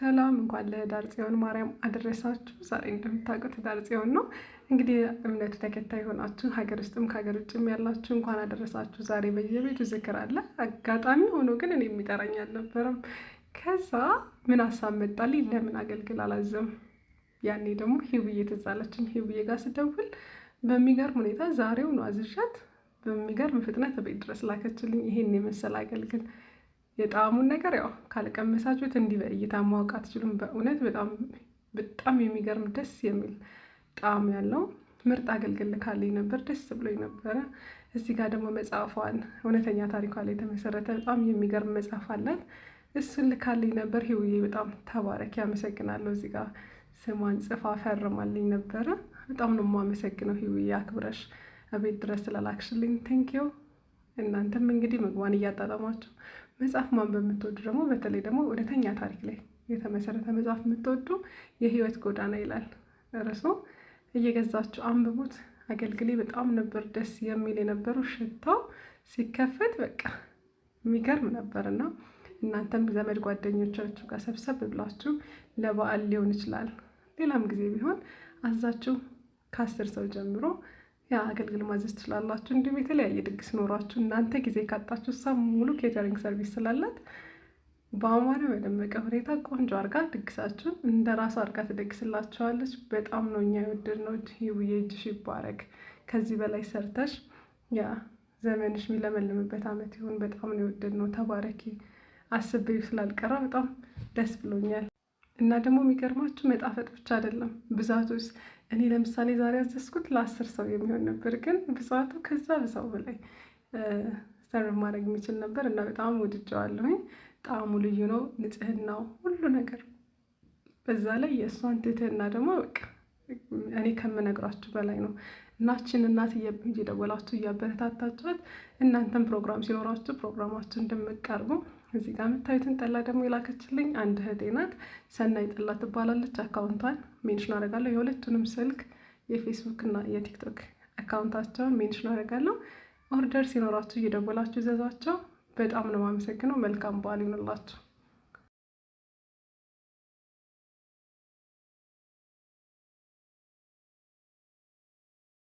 ሰላም እንኳን ለህዳር ጽዮን ማርያም አደረሳችሁ። ዛሬ እንደምታውቁት ህዳር ጽዮን ነው። እንግዲህ እምነቱ ተከታይ የሆናችሁ ሀገር ውስጥም ከሀገር ውጭም ያላችሁ እንኳን አደረሳችሁ። ዛሬ በየቤቱ ዝክር አለ። አጋጣሚ ሆኖ ግን እኔ የሚጠራኝ አልነበረም። ከዛ ምን ሀሳብ መጣልኝ፣ ለምን አገልግል አላዘም። ያኔ ደግሞ ሂውዬ ትዝ አለችኝ። ሂውዬ ጋር ስደውል በሚገርም ሁኔታ ዛሬው ነው አዝዣት፣ በሚገርም ፍጥነት ቤት ድረስ ላከችልኝ። ይሄን የመሰለ አገልግል የጣዕሙን ነገር ያው ካልቀመሳችሁት እንዲህ በእይታ ማወቅ አትችሉም። በእውነት በጣም የሚገርም ደስ የሚል ጣዕም ያለው ምርጥ አገልግል ካለኝ ነበር። ደስ ብሎኝ ነበረ። እዚህ ጋር ደግሞ መጽሐፏን እውነተኛ ታሪኳ ላይ የተመሰረተ በጣም የሚገርም መጽሐፍ አላት። እሱን ልካልኝ ነበር። ህውዬ በጣም ተባረክ፣ ያመሰግናለሁ። እዚህ ጋር ስሟን ጽፋ ፈርማልኝ ነበረ። በጣም ነው የማመሰግነው ህውዬ፣ አክብረሽ እቤት ድረስ ስላላክሽልኝ ቴንኪው። እናንተም እንግዲህ ምግቧን እያጣጠማችሁ መጽሐፍ ማንበብ የምትወዱ ደግሞ በተለይ ደግሞ እውነተኛ ታሪክ ላይ የተመሰረተ መጽሐፍ የምትወዱ የህይወት ጎዳና ይላል እርሶ እየገዛችሁ አንብቡት። አገልግሌ በጣም ነበር ደስ የሚል የነበረው ሽታው ሲከፈት በቃ የሚገርም ነበር እና እናንተም ዘመድ ጓደኞቻችሁ ጋር ሰብሰብ ብላችሁ ለበዓል ሊሆን ይችላል፣ ሌላም ጊዜ ቢሆን አዛችሁ ከአስር ሰው ጀምሮ ያ አገልግል ማዘዝ ትችላላችሁ። እንዲሁም የተለያየ ድግስ ኖሯችሁ እናንተ ጊዜ ካጣችሁ እሷ ሙሉ ኬተሪንግ ሰርቪስ ስላላት በአማረ በደመቀ ሁኔታ ቆንጆ አርጋ ድግሳችሁን እንደ ራሷ አርጋ ትደግስላችኋለች። በጣም ነው እኛ የወደድ ነው። እጅሽ ይባረክ። ከዚህ በላይ ሰርተሽ ያ ዘመንሽ የሚለመልምበት አመት ይሁን። በጣም ነው የወደድ ነው። ተባረኪ። አስቤው ስላልቀራ በጣም ደስ ብሎኛል። እና ደግሞ የሚገርማችሁ መጣፈጥ ብቻ አይደለም ብዛቱስ። እኔ ለምሳሌ ዛሬ ያዘዝኩት ለአስር ሰው የሚሆን ነበር፣ ግን ብዛቱ ከዛ ብዛው በላይ ሰርቭ ማድረግ የሚችል ነበር እና በጣም ወድጀዋለሁኝ። ጣዕሙ ልዩ ነው፣ ንጽህናው፣ ሁሉ ነገር በዛ ላይ የእሷን ትህትና ደግሞ በቃ እኔ ከምነግሯችሁ በላይ ነው። እናችን እናት እየደወላችሁ እያበረታታችኋት እናንተም ፕሮግራም ሲኖራችሁ ፕሮግራማችሁ እንደምቀርቡ እዚህ ጋር የምታዩትን ጠላ ደግሞ የላከችልኝ አንድ እህቴ ናት። ሰናይ ጠላ ትባላለች። አካውንቷን ሜንሽን አደርጋለሁ። የሁለቱንም ስልክ የፌስቡክ እና የቲክቶክ አካውንታቸውን ሜንሽን አደርጋለሁ። ኦርደር ሲኖራችሁ እየደወላችሁ ይዘዟቸው። በጣም ነው የማመሰግነው። መልካም በዓል ይሁንላችሁ።